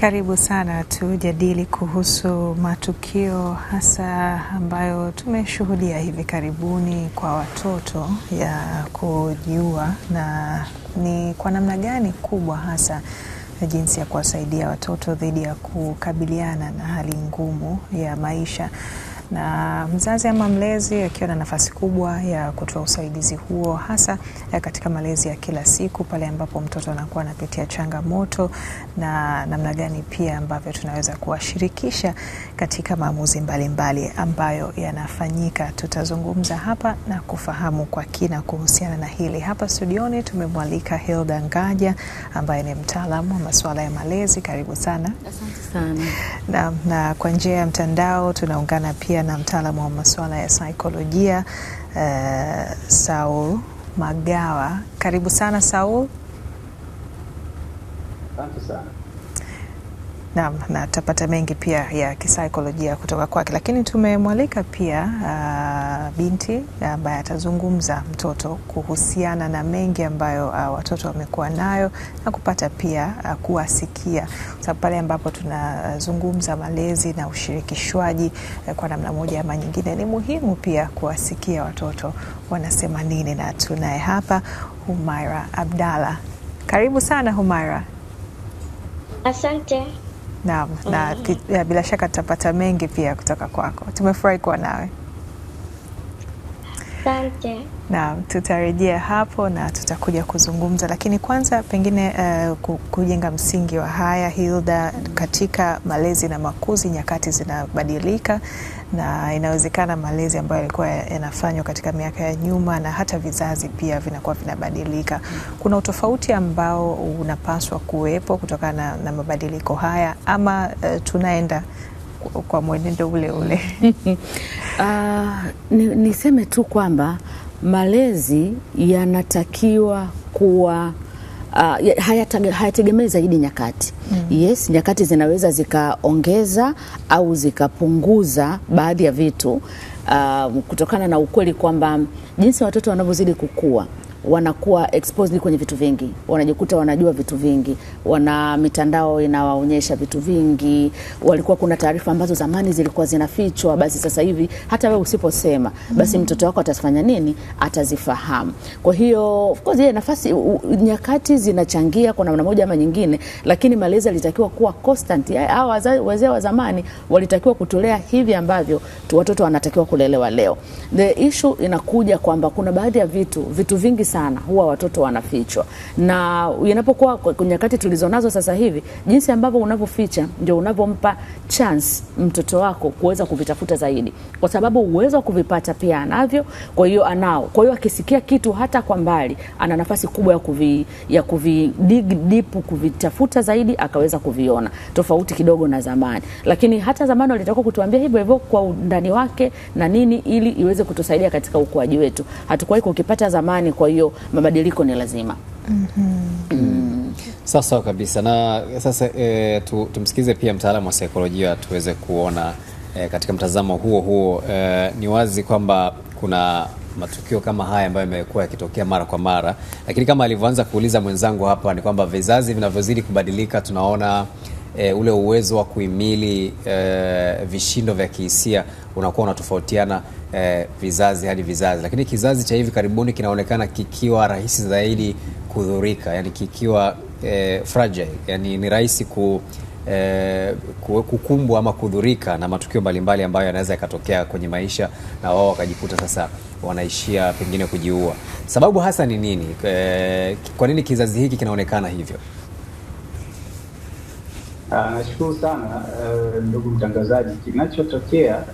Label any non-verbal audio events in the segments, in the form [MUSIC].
Karibu sana, tujadili kuhusu matukio hasa ambayo tumeshuhudia hivi karibuni kwa watoto ya kujiua, na ni kwa namna gani kubwa hasa jinsi ya kuwasaidia watoto dhidi ya kukabiliana na hali ngumu ya maisha na mzazi ama mlezi akiwa na nafasi kubwa ya kutoa usaidizi huo, hasa eh, katika malezi ya kila siku, pale ambapo mtoto anakuwa anapitia changamoto, na namna gani pia ambavyo tunaweza kuwashirikisha katika maamuzi mbalimbali ambayo yanafanyika. Tutazungumza hapa na kufahamu kwa kina kuhusiana na hili. Hapa studioni tumemwalika Hilda Ngaja ambaye ni mtaalamu wa masuala ya malezi. Karibu sana. Asante sana. Na, na kwa njia ya mtandao tunaungana pia pamoja na mtaalamu wa masuala ya saikolojia uh, Saul Magawa. Karibu sana Saul. Asante sana. Naam, na tutapata mengi pia ya kisaikolojia kutoka kwake, lakini tumemwalika pia uh, binti ambaye uh, atazungumza mtoto kuhusiana na mengi ambayo uh, watoto wamekuwa nayo na kupata pia uh, kuwasikia, sababu pale ambapo tunazungumza malezi na ushirikishwaji uh, kwa namna moja ama nyingine, ni muhimu pia kuwasikia watoto wanasema nini, na tunaye hapa Humaira Abdalla. Karibu sana Humaira. Asante. Naam, na, mm -hmm. Bila shaka tutapata mengi pia kutoka kwako. Tumefurahi kuwa nawe. Asante. Naam, tutarejea hapo na tutakuja kuzungumza, lakini kwanza pengine uh, kujenga msingi wa haya Hilda, katika malezi na makuzi, nyakati zinabadilika na inawezekana malezi ambayo yalikuwa yanafanywa katika miaka ya nyuma na hata vizazi pia vinakuwa vinabadilika. Kuna utofauti ambao unapaswa kuwepo kutokana na, na mabadiliko haya ama uh, tunaenda kwa mwenendo ule ule. Uh, [LAUGHS] niseme ni tu kwamba malezi yanatakiwa kuwa Uh, hayategemei zaidi nyakati. Mm. Yes, nyakati zinaweza zikaongeza au zikapunguza baadhi ya vitu uh, kutokana na ukweli kwamba jinsi watoto wanavyozidi kukua wanakuwa exposed kwenye vitu vingi, wanajikuta wanajua vitu vingi, wana mitandao inawaonyesha vitu vingi. Walikuwa kuna taarifa ambazo zamani zilikuwa zinafichwa, basi sasa hivi hata wewe usiposema, basi mm -hmm. mtoto wako atafanya nini? Atazifahamu. Kwa hiyo of course yeye nafasi, nyakati zinachangia kwa namna moja ama nyingine, lakini malezi alitakiwa kuwa constant. Hao wazee wa zamani walitakiwa kutulea hivi ambavyo tu watoto wanatakiwa kulelewa leo. The issue inakuja kwamba kuna baadhi ya vitu vitu vingi sana huwa watoto wanafichwa, na inapokuwa nyakati tulizonazo sasa hivi, jinsi ambavyo unavyoficha ndio unavyompa chance mtoto wako kuweza kuvitafuta zaidi, kwa sababu uwezo wa kuvipata pia anavyo, kwa hiyo anao. Kwa hiyo akisikia kitu hata kwa mbali, ana nafasi kubwa ya kuvi, ya kuvi dig deep kuvitafuta zaidi, akaweza kuviona tofauti kidogo na zamani. Lakini hata zamani walitakiwa kutuambia hivyo hivyo kwa undani wake na nini, ili iweze kutusaidia katika ukuaji wetu. Hatukuwahi kukipata zamani, kwa hiyo hiyo mabadiliko ni lazima. mm -hmm. mm. Sawa sawa kabisa. Na sasa e, tu, tumsikize pia mtaalamu wa saikolojia tuweze kuona e, katika mtazamo huo huo e, ni wazi kwamba kuna matukio kama haya ambayo yamekuwa yakitokea mara kwa mara, lakini kama alivyoanza kuuliza mwenzangu hapa ni kwamba vizazi vinavyozidi kubadilika tunaona e, ule uwezo wa kuhimili e, vishindo vya kihisia unakuwa unatofautiana e, vizazi hadi vizazi, lakini kizazi cha hivi karibuni kinaonekana kikiwa rahisi zaidi kudhurika, yani kikiwa e, fragile, yani ni rahisi ku E, kukumbwa ama kudhurika na matukio mbalimbali ambayo yanaweza yakatokea kwenye maisha na wao wakajikuta sasa wanaishia pengine kujiua. Sababu hasa ni nini? E, kwa nini kizazi hiki kinaonekana hivyo? Ah, nashukuru sana uh, ndugu mtangazaji. Kinachotokea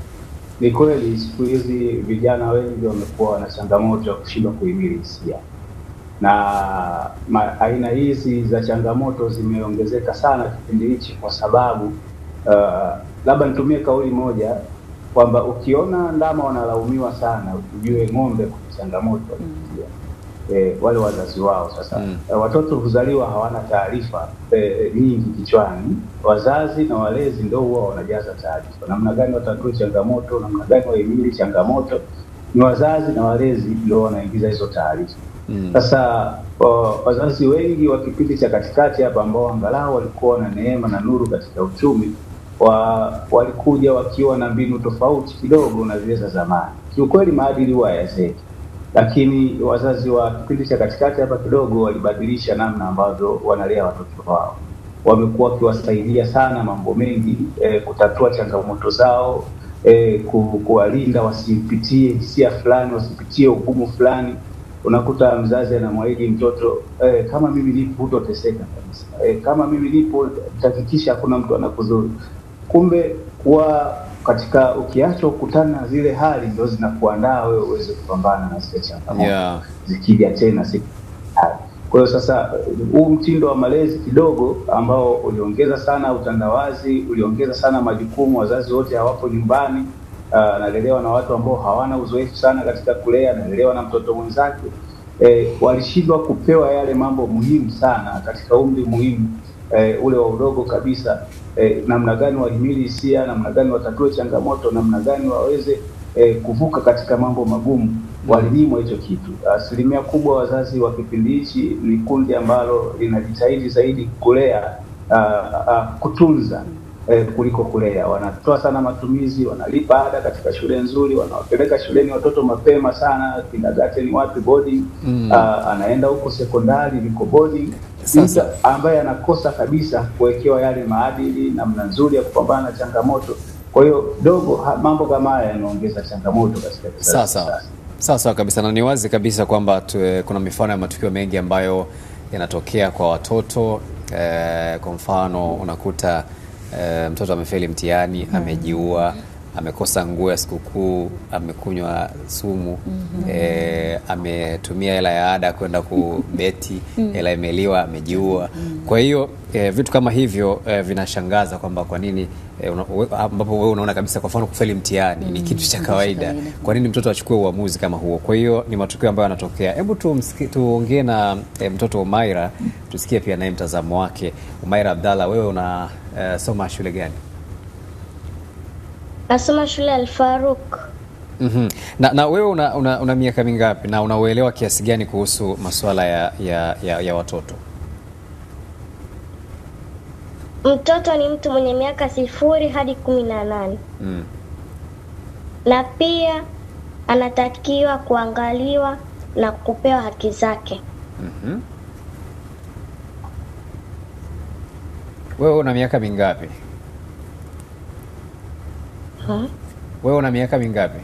ni kweli, siku hizi vijana wengi wamekuwa na changamoto ya kushindwa kuhimili hisia, na ma, aina hizi za changamoto zimeongezeka sana kipindi hichi, kwa sababu uh, labda nitumie kauli moja kwamba ukiona ndama wanalaumiwa sana, ujue ng'ombe kuna changamoto mm eh, wale wazazi wao. Sasa mm. eh, watoto huzaliwa hawana taarifa eh, eh, nyingi kichwani. Wazazi na walezi ndio huwa wanajaza taarifa, namna gani watatue changamoto, namna gani waimili changamoto. Ni wazazi na walezi ndio wanaingiza hizo taarifa. Hmm. Sasa mm. wazazi wengi wa kipindi cha katikati hapa ambao angalau walikuwa na neema na nuru katika uchumi wa, walikuja wakiwa na mbinu tofauti kidogo na zile za zamani. Kiukweli maadili huwa yazeki lakini wazazi wa kipindi cha katikati hapa kidogo walibadilisha namna ambavyo wanalea watoto wao. Wamekuwa wakiwasaidia sana mambo mengi e, kutatua changamoto zao eh, kuwalinda wasipitie hisia fulani, wasipitie ugumu fulani. Unakuta mzazi anamwahidi mtoto e, kama mimi nipo hutoteseka kabisa e, kama mimi nipo nitahakikisha hakuna mtu anakuzuru. Kumbe kuwa katika ukiacha kukutana na zile hali ndio zinakuandaa wewe uweze kupambana na zile changamoto yeah. Zikija tena siku. Kwa hiyo sasa, huu mtindo wa malezi kidogo ambao uliongeza sana utandawazi, uliongeza sana majukumu, wazazi wote hawapo nyumbani, analelewa ah, na watu ambao hawana uzoefu sana katika kulea, analelewa na mtoto mwenzake eh, walishindwa kupewa yale mambo muhimu sana katika umri muhimu eh, ule wa udogo kabisa eh, namna gani wahimili hisia, namna gani watatue changamoto, namna gani waweze eh, kuvuka katika mambo magumu, walinyimwa hicho kitu. Asilimia kubwa wazazi wa kipindi hichi ni kundi ambalo linajitahidi zaidi kulea a, ah, a, ah, kutunza eh, kuliko kulea. Wanatoa sana matumizi, wanalipa ada katika shule nzuri, wanawapeleka shuleni watoto mapema sana, kindergarten, wapi boarding mm. Ah, anaenda huko sekondari, liko boarding sasa ambaye anakosa kabisa kuwekewa yale maadili, namna nzuri ya kupambana na changamoto. Kwa hiyo dogo, mambo kama haya yanaongeza changamoto katika sasa sawa kabisa, na ni wazi kabisa kwamba eh, kuna mifano ya matukio mengi ambayo yanatokea kwa watoto eh, kwa mfano unakuta eh, mtoto amefeli mtihani, hmm. amejiua amekosa nguo ya sikukuu, amekunywa sumu mm -hmm. E, ametumia hela ya ada kwenda kubeti [LAUGHS] hela imeliwa, amejiua mm -hmm. Kwa hiyo e, vitu kama hivyo e, vinashangaza kwamba kwa nini ambapo e, wewe unaona kabisa, kwa mfano kufeli mtihani mm -hmm. ni kitu cha kawaida, kwa nini mtoto achukue uamuzi kama huo? Kwa hiyo ni matukio ambayo yanatokea. Hebu tuongee na e, mtoto Umaira, mhm. tusikie pia naye mtazamo wake. Umaira Abdalla, wewe unasoma uh, shule gani? Nasoma shule ya Alfaruk. mm -hmm. Na, na wewe una, una, una miaka mingapi na unauelewa kiasi gani kuhusu masuala ya, ya, ya, ya watoto? Mtoto ni mtu mwenye miaka sifuri hadi kumi na nane mm. na pia anatakiwa kuangaliwa na kupewa haki zake. mm -hmm. Wewe una miaka mingapi? huh Wewe una miaka mingapi?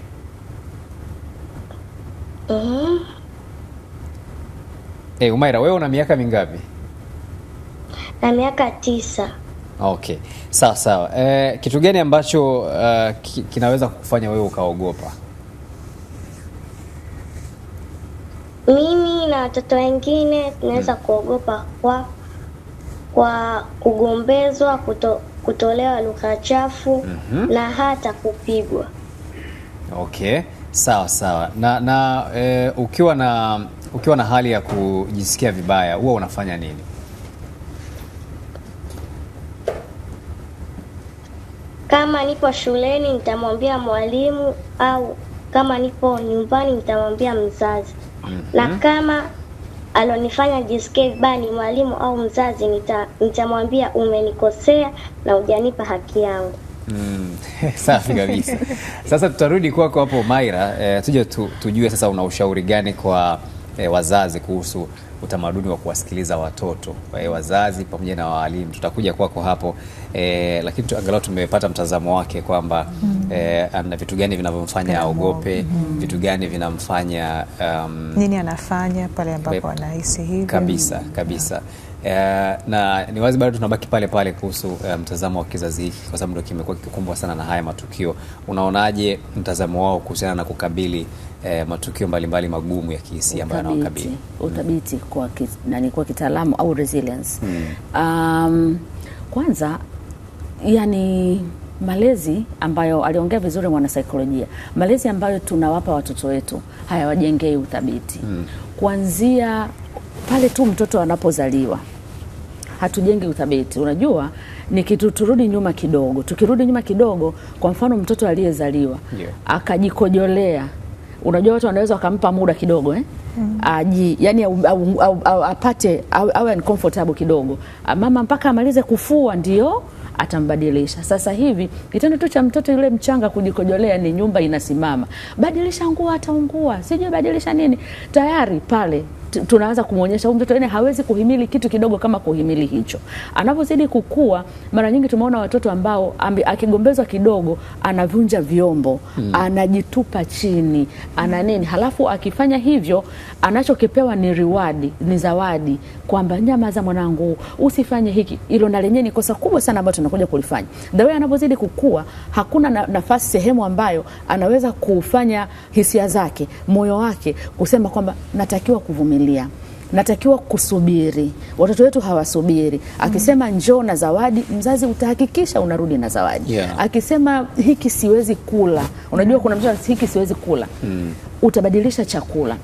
uh-huh. Hey, eh, Umaira wewe una miaka mingapi? na miaka tisa. Okay, sawa sawa. Eh, kitu gani ambacho uh, kinaweza kukufanya wewe ukaogopa? Mimi na watoto wengine tunaweza hmm, kuogopa kwa kwa kugombezwa kuto kutolewa lugha chafu mm -hmm. na hata kupigwa. Okay, sawa sawa. Na, na e, ukiwa na ukiwa na hali ya kujisikia vibaya huwa unafanya nini? Kama nipo shuleni nitamwambia mwalimu, au kama nipo nyumbani nitamwambia mzazi. mm -hmm. na mhm. kama alionifanya jisikie vibaya ni mwalimu au mzazi, nitamwambia nita umenikosea na hujanipa haki yangu. Mm, [LAUGHS] safi kabisa. Sasa tutarudi kwako hapo Maira, eh, tuje tu, tujue sasa una ushauri gani kwa eh, wazazi kuhusu utamaduni wa kuwasikiliza watoto eh, wazazi pamoja na waalimu. Tutakuja kwako hapo eh, lakini angalau tumepata mtazamo wake kwamba mm -hmm. eh, ana vitu gani vinavyomfanya aogope mm -hmm. vitu gani vinamfanya um, nini anafanya pale ambapo anahisi hivyo kabisa mm-hmm. kabisa yeah. Uh, na ni wazi bado tunabaki pale pale kuhusu eh, mtazamo um, wa kizazi hiki, kwa sababu ndio kimekuwa kikikumbwa sana na haya matukio. Unaonaje mtazamo wao kuhusiana na kukabili uh, matukio mbalimbali mbali magumu ya kihisia ambayo yanawakabili? Uthabiti mm-hmm. kwa kitaalamu au resilience. Hmm. Um, kwanza yani malezi ambayo aliongea vizuri mwanasaikolojia, malezi ambayo tunawapa watoto wetu hayawajengei uthabiti mm. Kuanzia pale tu mtoto anapozaliwa hatujengi uthabiti. Unajua, ni kitu turudi nyuma kidogo, tukirudi nyuma kidogo, kwa mfano mtoto aliyezaliwa yeah. akajikojolea, unajua watu wanaweza wakampa muda kidogo eh? Mm. Aji, yani au, au, au, au, apate awe uncomfortable kidogo, mama mpaka amalize kufua ndio atambadilisha. Sasa hivi kitendo tu cha mtoto yule mchanga kujikojolea ni nyumba inasimama, badilisha nguo ataungua, sijui badilisha nini, tayari pale tunaanza kumuonyesha huyu mtoto, yeye yaani hawezi kuhimili kitu kidogo kama kuhimili hicho. Anapozidi kukua, mara nyingi tumeona watoto ambao ambi, akigombezwa kidogo anavunja vyombo hmm, anajitupa chini ana nini, halafu akifanya hivyo anachokipewa ni riwadi, ni zawadi kwamba nyamaza mwanangu, usifanye hiki. Hilo na lenyewe ni kosa kubwa sana ambalo tunakuja kulifanya. The way anapozidi kukua, hakuna na, nafasi sehemu ambayo anaweza kufanya hisia zake, moyo wake kusema kwamba natakiwa kuvumilia familia natakiwa kusubiri. Watoto wetu hawasubiri. Akisema njoo na zawadi, mzazi utahakikisha unarudi na zawadi. Yeah. Akisema hiki siwezi kula, unajua kuna mtu hiki siwezi kula, mm. utabadilisha chakula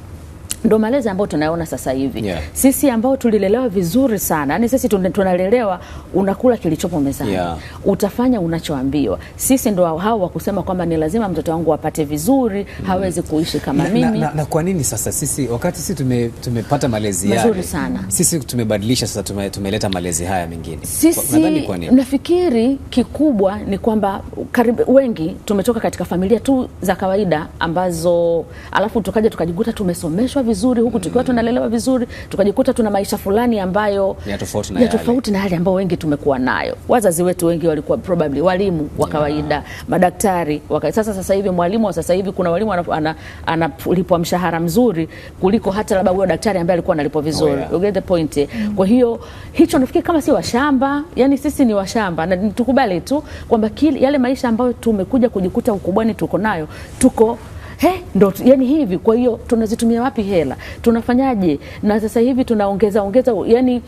ndo malezi ambayo tunayaona sasa hivi yeah. Sisi ambao tulilelewa vizuri sana, yani sisi tunalelewa unakula kilichopo mezani yeah. Utafanya unachoambiwa. Sisi ndo hao wa kusema kwamba ni lazima mtoto wangu apate vizuri mm. Hawezi kuishi kama na, mimi na, na, na kwa nini sasa sisi wakati sisi tume, tumepata malezi mazuri sana, sisi tumebadilisha sasa tume, tumeleta malezi haya mengine sisi kwa, nafikiri kikubwa ni kwamba karibu wengi tumetoka katika familia tu za kawaida ambazo alafu tukaja tukajikuta tumesomeshwa vizuri huku tukiwa tunalelewa vizuri, tukajikuta tuna maisha fulani ambayo ya tofauti na, ya tofauti na hali ambayo wengi tumekuwa nayo. Wazazi wetu wengi walikuwa probably walimu wa kawaida yeah. madaktari waka, sasa sasa hivi mwalimu wa sasa hivi kuna walimu analipwa ana, ana, ana, mshahara mzuri kuliko hata labda huyo daktari ambaye alikuwa analipwa vizuri oh, yeah. you get the point eh? mm. Kwa hiyo hicho nafikiri kama si washamba, yani sisi ni washamba na tukubali tu kwamba yale maisha ambayo tumekuja kujikuta ukubwani tuko nayo tuko He, ndo yani hivi. Kwa hiyo tunazitumia wapi hela, tunafanyaje? Na sasa hivi tunaongeza ongeza yani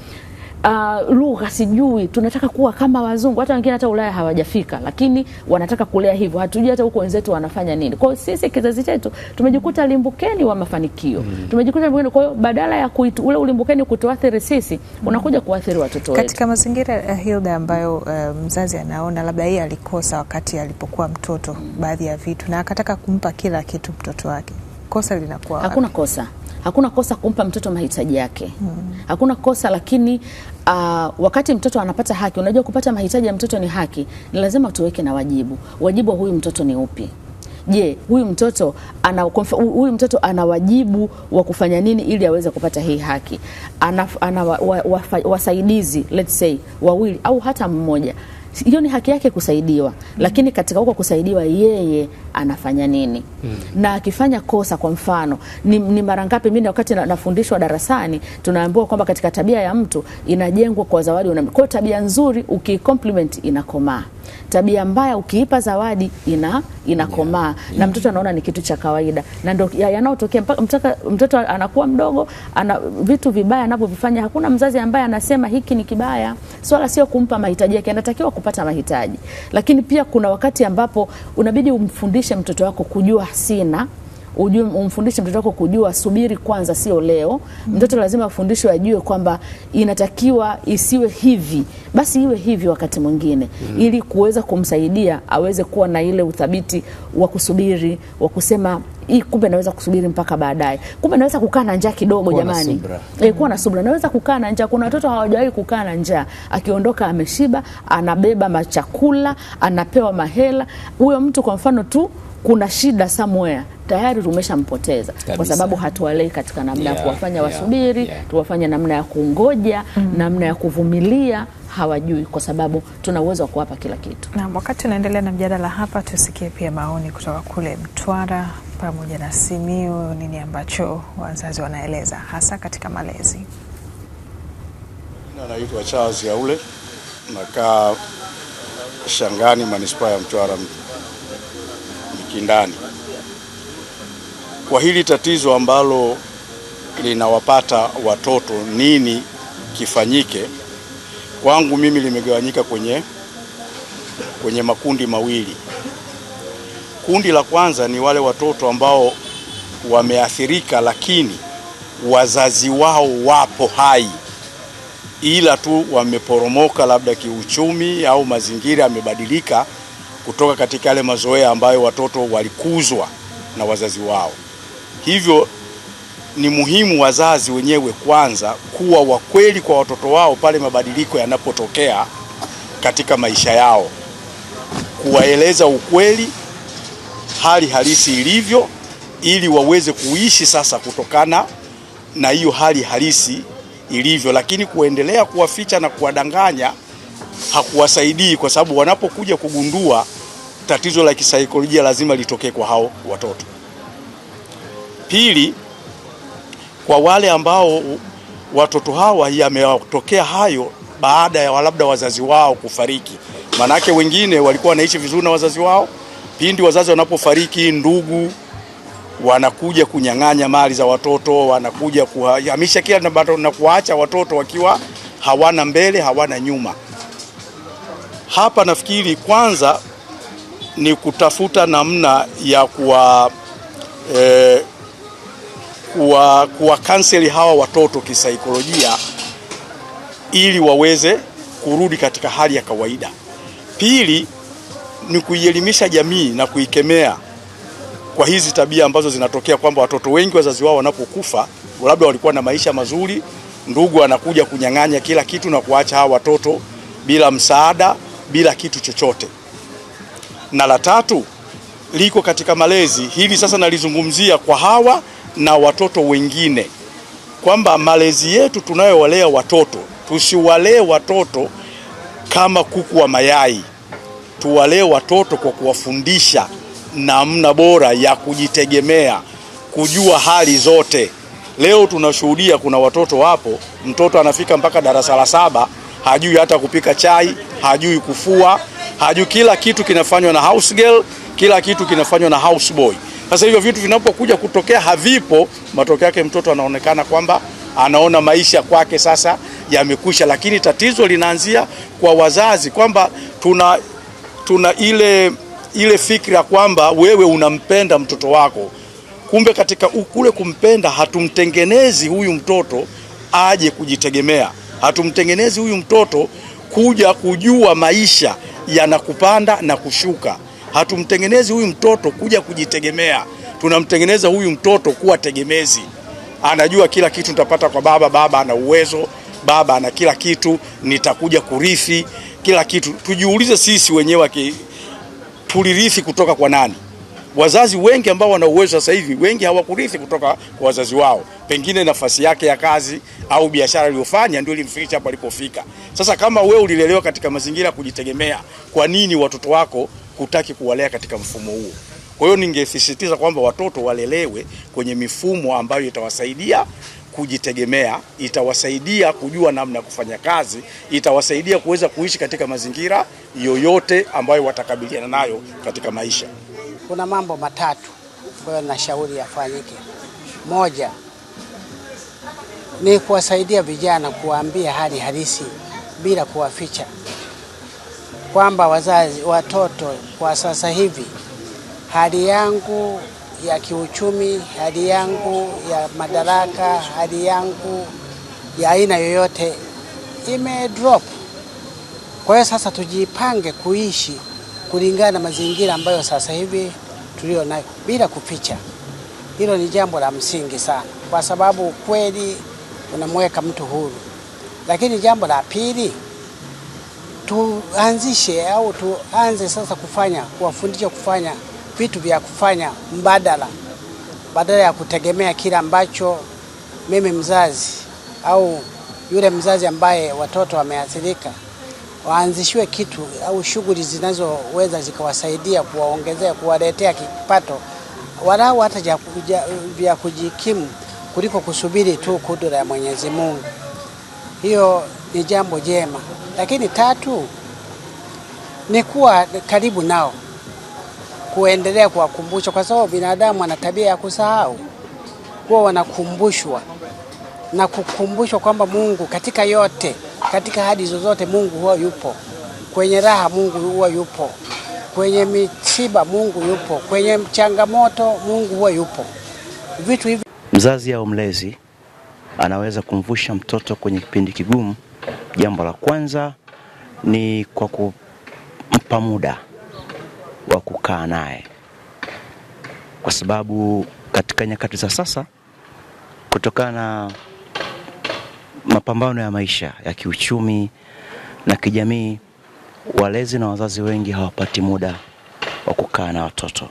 uh, lugha sijui, tunataka kuwa kama wazungu. Hata wengine hata Ulaya hawajafika, lakini wanataka kulea hivyo. Hatujui hata huko wenzetu wanafanya nini. Kwa hiyo sisi kizazi chetu tumejikuta limbukeni wa mafanikio mm. tumejikuta limbukeni. Kwa hiyo badala ya kuitu, ule ulimbukeni kutuathiri sisi mm. unakuja kuathiri watoto wetu katika mazingira uh, Hilda ambayo uh, mzazi anaona labda yeye alikosa wakati alipokuwa mtoto mm. baadhi ya vitu na akataka kumpa kila kitu mtoto wake, kosa linakuwa hakuna kosa Hakuna kosa kumpa mtoto mahitaji yake. Hmm. Hakuna kosa lakini Uh, wakati mtoto anapata haki, unajua kupata mahitaji ya mtoto ni haki, ni lazima tuweke na wajibu. Wajibu wa huyu mtoto ni upi? Je, huyu mtoto ana huyu mtoto ana wajibu wa kufanya nini ili aweze kupata hii haki? Ana, ana wa, wa, wa, wasaidizi let's say wawili au hata mmoja hiyo ni haki yake kusaidiwa, lakini katika huko kusaidiwa yeye anafanya nini? mm. na akifanya kosa, kwa mfano ni, ni mara ngapi mimi wakati na, nafundishwa darasani tunaambiwa kwamba katika tabia ya mtu inajengwa kwa zawadi una, kwa tabia nzuri ukiicompliment inakomaa, tabia mbaya ukiipa zawadi ina inakomaa yeah. yeah. na mtoto anaona ni kitu cha kawaida, na ndio yanayotokea mpaka mtoto anakuwa mdogo ana, vitu vibaya anavyovifanya hakuna mzazi ambaye anasema hiki ni kibaya. Swala sio kumpa mahitaji yake, anatakiwa kupata mahitaji, lakini pia kuna wakati ambapo unabidi umfundishe mtoto wako kujua sina ujue, umfundishe mtoto wako kujua, subiri kwanza, sio leo. Mm. Mtoto lazima afundishwe, ajue kwamba inatakiwa isiwe hivi, basi iwe hivi wakati mwingine mm. ili kuweza kumsaidia aweze kuwa na ile uthabiti wa kusubiri, wa kusema hii kumbe naweza kusubiri mpaka baadaye, kumbe naweza kukaa na njaa kidogo. Jamani, e, kuwa na subra, naweza kukaa na njaa. Kuna watoto hawajawahi kukaa na njaa, akiondoka ameshiba, anabeba machakula, anapewa mahela. Huyo mtu kwa mfano tu kuna shida somewhere tayari tumeshampoteza kwa sababu hatuwalei katika namna ya yeah, kuwafanya wasubiri yeah, yeah. Tuwafanye namna ya kungoja mm. Namna ya kuvumilia hawajui, kwa sababu tuna uwezo wa kuwapa kila kitu. Na wakati unaendelea na mjadala hapa, tusikie pia maoni kutoka kule Mtwara pamoja na Simiu, nini ambacho wazazi wanaeleza hasa katika malezi. anaitwa Charles Yaule, nakaa Shangani, manispaa ya Mtwara kindani kwa hili tatizo ambalo linawapata watoto. Nini kifanyike? Kwangu mimi limegawanyika kwenye, kwenye makundi mawili. Kundi la kwanza ni wale watoto ambao wameathirika, lakini wazazi wao wapo hai ila tu wameporomoka labda kiuchumi au mazingira yamebadilika kutoka katika yale mazoea ambayo watoto walikuzwa na wazazi wao. Hivyo ni muhimu wazazi wenyewe kwanza kuwa wakweli kwa watoto wao pale mabadiliko yanapotokea katika maisha yao, kuwaeleza ukweli hali halisi ilivyo, ili waweze kuishi sasa kutokana na hiyo hali halisi ilivyo, lakini kuendelea kuwaficha na kuwadanganya hakuwasaidii, kwa sababu wanapokuja kugundua tatizo la kisaikolojia lazima litokee kwa hao watoto. Pili, kwa wale ambao watoto hawa yamewatokea hayo baada ya labda wazazi wao kufariki, maanake wengine walikuwa wanaishi vizuri na wazazi wao, pindi wazazi wanapofariki, ndugu wanakuja kunyang'anya mali za watoto, wanakuja kuhamisha kila na kuwaacha watoto wakiwa hawana mbele, hawana nyuma. Hapa nafikiri kwanza ni kutafuta namna ya kuwa eh, kuwa kuwa hawa watoto kisaikolojia ili waweze kurudi katika hali ya kawaida. Pili ni kuielimisha jamii na kuikemea kwa hizi tabia ambazo zinatokea kwamba watoto wengi wazazi wao wanapokufa, labda walikuwa na maisha mazuri, ndugu anakuja kunyang'anya kila kitu na kuacha hawa watoto bila msaada bila kitu chochote. Na la tatu liko katika malezi, hili sasa nalizungumzia kwa hawa na watoto wengine, kwamba malezi yetu tunayowalea watoto, tusiwalee watoto kama kuku wa mayai, tuwalee watoto kwa kuwafundisha namna bora ya kujitegemea, kujua hali zote. Leo tunashuhudia kuna watoto wapo, mtoto anafika mpaka darasa la saba hajui hata kupika chai, hajui kufua, hajui. Kila kitu kinafanywa na house girl, kila kitu kinafanywa na house boy. Sasa hivyo vitu vinapokuja kutokea havipo, matokeo yake mtoto anaonekana kwamba anaona maisha kwake sasa yamekwisha, lakini tatizo linaanzia kwa wazazi kwamba tuna, tuna ile, ile fikra kwamba wewe unampenda mtoto wako, kumbe katika kule kumpenda hatumtengenezi huyu mtoto aje kujitegemea. Hatumtengenezi huyu mtoto kuja kujua maisha yana kupanda na kushuka. Hatumtengenezi huyu mtoto kuja kujitegemea, tunamtengeneza huyu mtoto kuwa tegemezi. Anajua kila kitu nitapata kwa baba, baba ana uwezo, baba ana kila kitu, nitakuja kurithi kila kitu. Tujiulize sisi wenyewe, tulirithi kutoka kwa nani? wazazi wengi ambao wana uwezo sasa hivi wengi hawakurithi kutoka kwa wazazi wao, pengine nafasi yake ya kazi au biashara aliyofanya ndio ilimfikisha hapo alipofika. Sasa kama wewe ulilelewa katika mazingira ya kujitegemea, kwa nini watoto wako hutaki kuwalea katika mfumo huo? Kwa hiyo ningesisitiza kwamba watoto walelewe kwenye mifumo ambayo itawasaidia kujitegemea, itawasaidia kujua namna ya kufanya kazi, itawasaidia kuweza kuishi katika mazingira yoyote ambayo watakabiliana nayo katika maisha. Kuna mambo matatu ambayo nashauri yafanyike. Moja ni kuwasaidia vijana, kuwaambia hali halisi bila kuwaficha kwamba wazazi, watoto kwa sasa hivi hali yangu ya kiuchumi, hali yangu ya madaraka, hali yangu ya aina yoyote ime drop. Kwa hiyo sasa tujipange kuishi kulingana na mazingira ambayo sasa hivi tulio nayo bila kuficha. Hilo ni jambo la msingi sana, kwa sababu kweli unamweka mtu huru. Lakini jambo la pili, tuanzishe au tuanze sasa kufanya kuwafundisha kufanya vitu vya kufanya mbadala, badala ya kutegemea kile ambacho mimi mzazi au yule mzazi ambaye watoto wameathirika waanzishiwe kitu au shughuli zinazoweza zikawasaidia kuwaongezea, kuwaletea kipato walau hata vya kujikimu kuliko kusubiri tu kudura ya Mwenyezi Mungu. Hiyo ni jambo jema, lakini tatu ni kuwa karibu nao, kuendelea kuwakumbusha, kwa sababu binadamu ana tabia ya kusahau. Kuwa wanakumbushwa na kukumbushwa kwamba Mungu katika yote katika hadi zozote Mungu huwa yupo, kwenye raha Mungu huwa yupo, kwenye misiba Mungu yupo, kwenye changamoto Mungu huwa yupo. Vitu hivi mzazi au mlezi anaweza kumvusha mtoto kwenye kipindi kigumu. Jambo la kwanza ni kwa kumpa muda wa kukaa naye, kwa sababu katika nyakati za sasa kutokana na mapambano ya maisha ya kiuchumi na kijamii, walezi na wazazi wengi hawapati muda wa kukaa na watoto.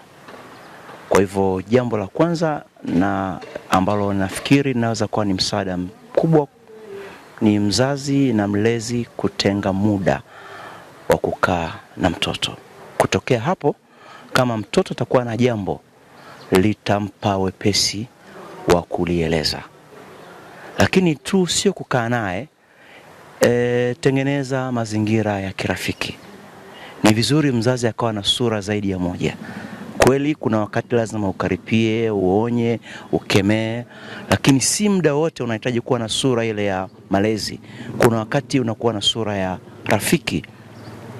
Kwa hivyo jambo la kwanza na ambalo nafikiri linaweza kuwa ni msaada mkubwa ni mzazi na mlezi kutenga muda wa kukaa na mtoto. Kutokea hapo, kama mtoto atakuwa na jambo litampa wepesi wa kulieleza lakini tu sio kukaa naye e, tengeneza mazingira ya kirafiki. Ni vizuri mzazi akawa na sura zaidi ya moja. Kweli kuna wakati lazima ukaripie, uonye, ukemee, lakini si muda wote unahitaji kuwa na sura ile ya malezi. Kuna wakati unakuwa na sura ya rafiki,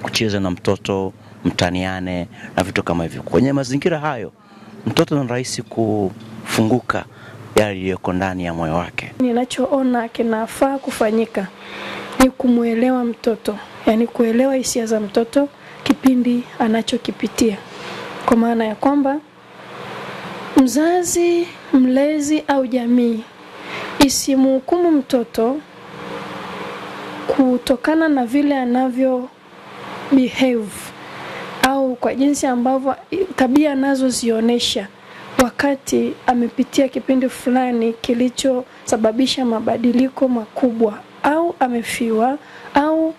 kucheza na mtoto, mtaniane na vitu kama hivyo. Kwenye mazingira hayo, mtoto ni rahisi kufunguka yaliyoko ndani ya moyo wake. Ninachoona kinafaa kufanyika ni kumwelewa mtoto, yaani kuelewa hisia za mtoto kipindi anachokipitia, kwa maana ya kwamba mzazi, mlezi au jamii isimhukumu mtoto kutokana na vile anavyo behave au kwa jinsi ambavyo tabia anazozionyesha wakati amepitia kipindi fulani kilichosababisha mabadiliko makubwa au amefiwa au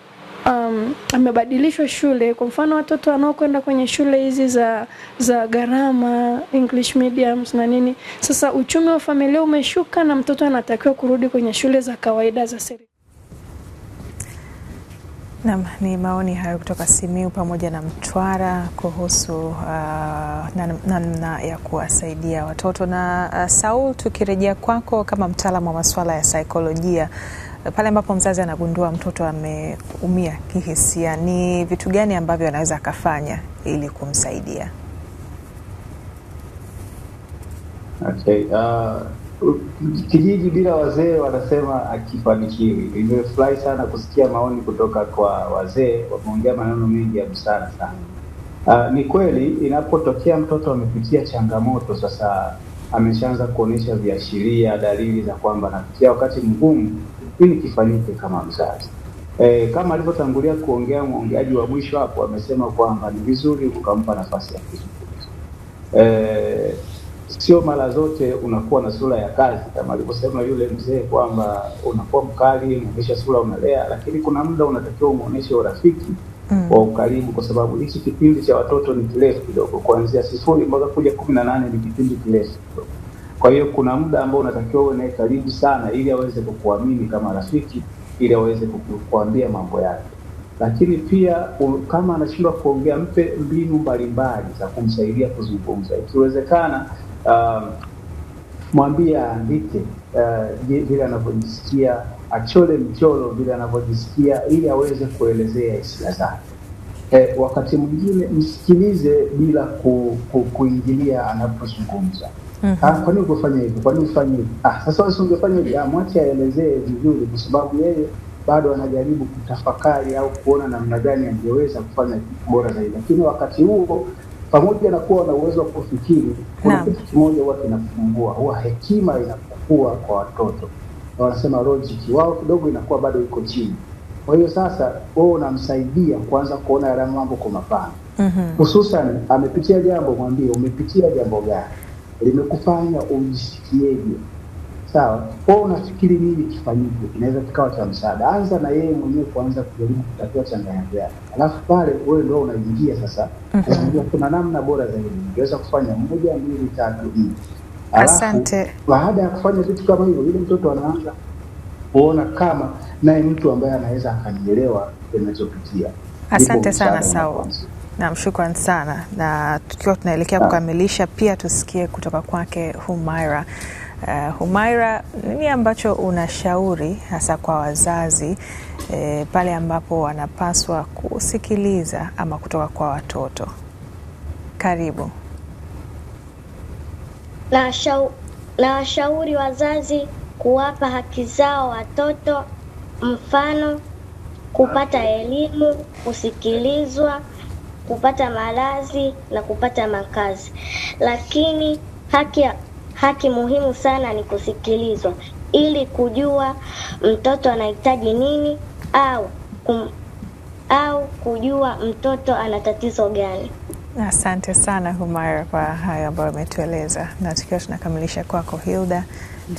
um, amebadilishwa shule. Kwa mfano watoto wanaokwenda kwenye shule hizi za za gharama English mediums na nini, sasa uchumi wa familia umeshuka na mtoto anatakiwa kurudi kwenye shule za kawaida za serikali nam ni maoni hayo kutoka Simiu pamoja na Mtwara kuhusu uh, namna na, na, ya kuwasaidia watoto na uh, Saul, tukirejea kwako kama mtaalamu wa masuala ya saikolojia uh, pale ambapo mzazi anagundua mtoto ameumia kihisia, ni vitu gani ambavyo anaweza akafanya ili kumsaidia? Okay, uh kijiji bila wazee wanasema akifanikiwi. Nimefurahi sana kusikia maoni kutoka kwa wazee, wameongea maneno mengi ya busara sana. Uh, ni kweli inapotokea mtoto amepitia changamoto sasa, ameshaanza kuonyesha viashiria, dalili za kwamba anapitia wakati mgumu, ili kifanyike kama mzazi e, kama alivyotangulia kuongea mwongeaji wa mwisho hapo, amesema kwamba ni vizuri ukampa nafasi ya kuzungumza e, sio mara zote unakuwa na sura ya kazi kama alivyosema yule mzee kwamba unakuwa mkali, unaonyesha sura, unalea, lakini kuna muda unatakiwa umeonyeshe urafiki mm. wa ukaribu, kwa sababu hichi kipindi cha watoto ni kirefu kidogo, kuanzia sifuri mpaka kuja kumi na nane ni kipindi kirefu kidogo. Kwa hiyo kuna muda ambao unatakiwa uwe naye karibu sana, ili aweze kukuamini kama rafiki, ili aweze kukuambia mambo yake lakini pia um, kama anashindwa kuongea, mpe mbinu mbalimbali za kumsaidia kuzungumza. Ikiwezekana Um, mwambie aandike uh, vile anavyojisikia, achole mchoro vile anavyojisikia ili aweze kuelezea hisia zake. Eh, wakati mwingine msikilize bila ku, ku, kuingilia anapozungumza. Mm -hmm. Ah, kwa nini kufanya hivyo? Kwa nini ufanye hivyo? Ah, sasa wewe ungefanya hivi. Ah, mwache aelezee vizuri kwa sababu yeye bado anajaribu kutafakari au kuona namna gani angeweza kufanya bora zaidi, lakini wakati huo pamoja na kuwa na uwezo wa kufikiri, kuna kitu kimoja huwa kinafungua, huwa hekima inapokua kwa watoto, na wanasema logic wao kidogo inakuwa bado iko chini. Kwa hiyo sasa wewe unamsaidia kuanza kuona yale mambo kwa mapana, mhm. hususan mm -hmm. Amepitia jambo, mwambie umepitia jambo gani, limekufanya ujisikieje sawa. Wewe unafikiri nini kifanyike? Kinaweza kikawa cha msaada. Anza na yeye mwenyewe kuanza kujaribu kutatua changamoto yake, alafu pale wewe ndio unaingia sasa, mhm. unajua kuna namna bora zaidi ungeweza kufanya moja, mbili, tatu, nne. Asante. Baada ya kufanya vitu kama hivyo, yule mtoto anaanza kuona kama naye mtu ambaye anaweza akanielewa inachopitia. Asante sana sawa. Naam, shukrani sana. Na tukiwa tunaelekea ah. kukamilisha, pia tusikie kutoka kwake Humaira. Uh, Humaira, nini ambacho unashauri hasa kwa wazazi eh, pale ambapo wanapaswa kusikiliza ama kutoka kwa watoto? Karibu. Na washauri wazazi kuwapa haki zao watoto, mfano kupata elimu, kusikilizwa, kupata malazi na kupata makazi, lakini haki ya haki muhimu sana ni kusikilizwa, ili kujua mtoto anahitaji nini au kum, au kujua mtoto ana tatizo gani. Asante sana Humaira kwa hayo ambayo umetueleza, na tukiwa tunakamilisha kwako Hilda. Uh,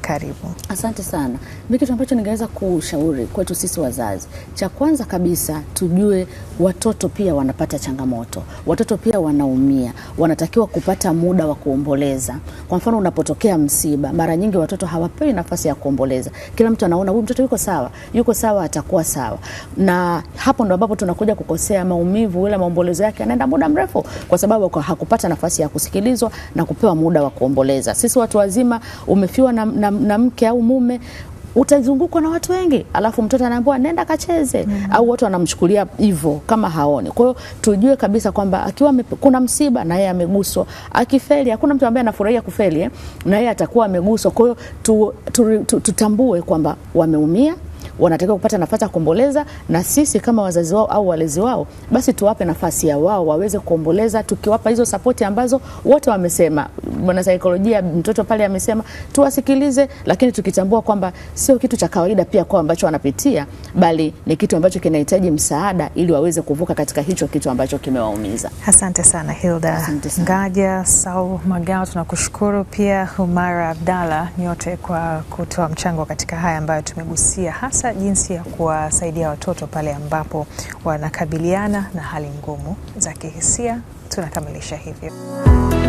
karibu. Asante sana. Mi kitu ambacho ningeweza kushauri kwetu sisi wazazi, cha kwanza kabisa tujue watoto pia wanapata changamoto, watoto pia wanaumia, wanatakiwa kupata muda wa kuomboleza. Kwa mfano, unapotokea msiba, mara nyingi watoto hawapewi nafasi ya kuomboleza. Kila mtu anaona huyu mtoto yuko sawa, yuko sawa, atakuwa sawa, na hapo ndo ambapo tunakuja kukosea maumivu. Ila maombolezo yake anaenda muda mrefu, kwa sababu hakupata nafasi ya kusikilizwa na kupewa muda wa kuomboleza. Sisi watu wazima ume umefiwa na, na, na mke au mume utazungukwa na watu wengi, alafu mtoto anaambiwa nenda kacheze mm -hmm. au watu wanamchukulia hivyo kama haone. Kwa hiyo tujue kabisa kwamba akiwa mep... kuna msiba na yeye ameguswa, akifeli hakuna mtu ambaye anafurahia kufeli eh? na yeye atakuwa ameguswa. Kwa hiyo tu, tu, tu, tutambue kwamba wameumia wanatakiwa kupata nafasi ya kuomboleza, na sisi kama wazazi wao au walezi wao, basi tuwape nafasi ya wao waweze kuomboleza, tukiwapa hizo sapoti ambazo wote wamesema. Mwanasaikolojia mtoto pale amesema, tuwasikilize, lakini tukitambua kwamba sio kitu cha kawaida pia kwa ambacho wanapitia, bali ni kitu ambacho kinahitaji msaada ili waweze kuvuka katika hicho kitu ambacho kimewaumiza. Asante sana Hilda. Ngaja Sau Magao, tunakushukuru pia Humara Abdalla, nyote kwa kutoa mchango katika haya ambayo tumegusia hasa hasa jinsi ya kuwasaidia watoto pale ambapo wanakabiliana na hali ngumu za kihisia. Tunakamilisha hivyo.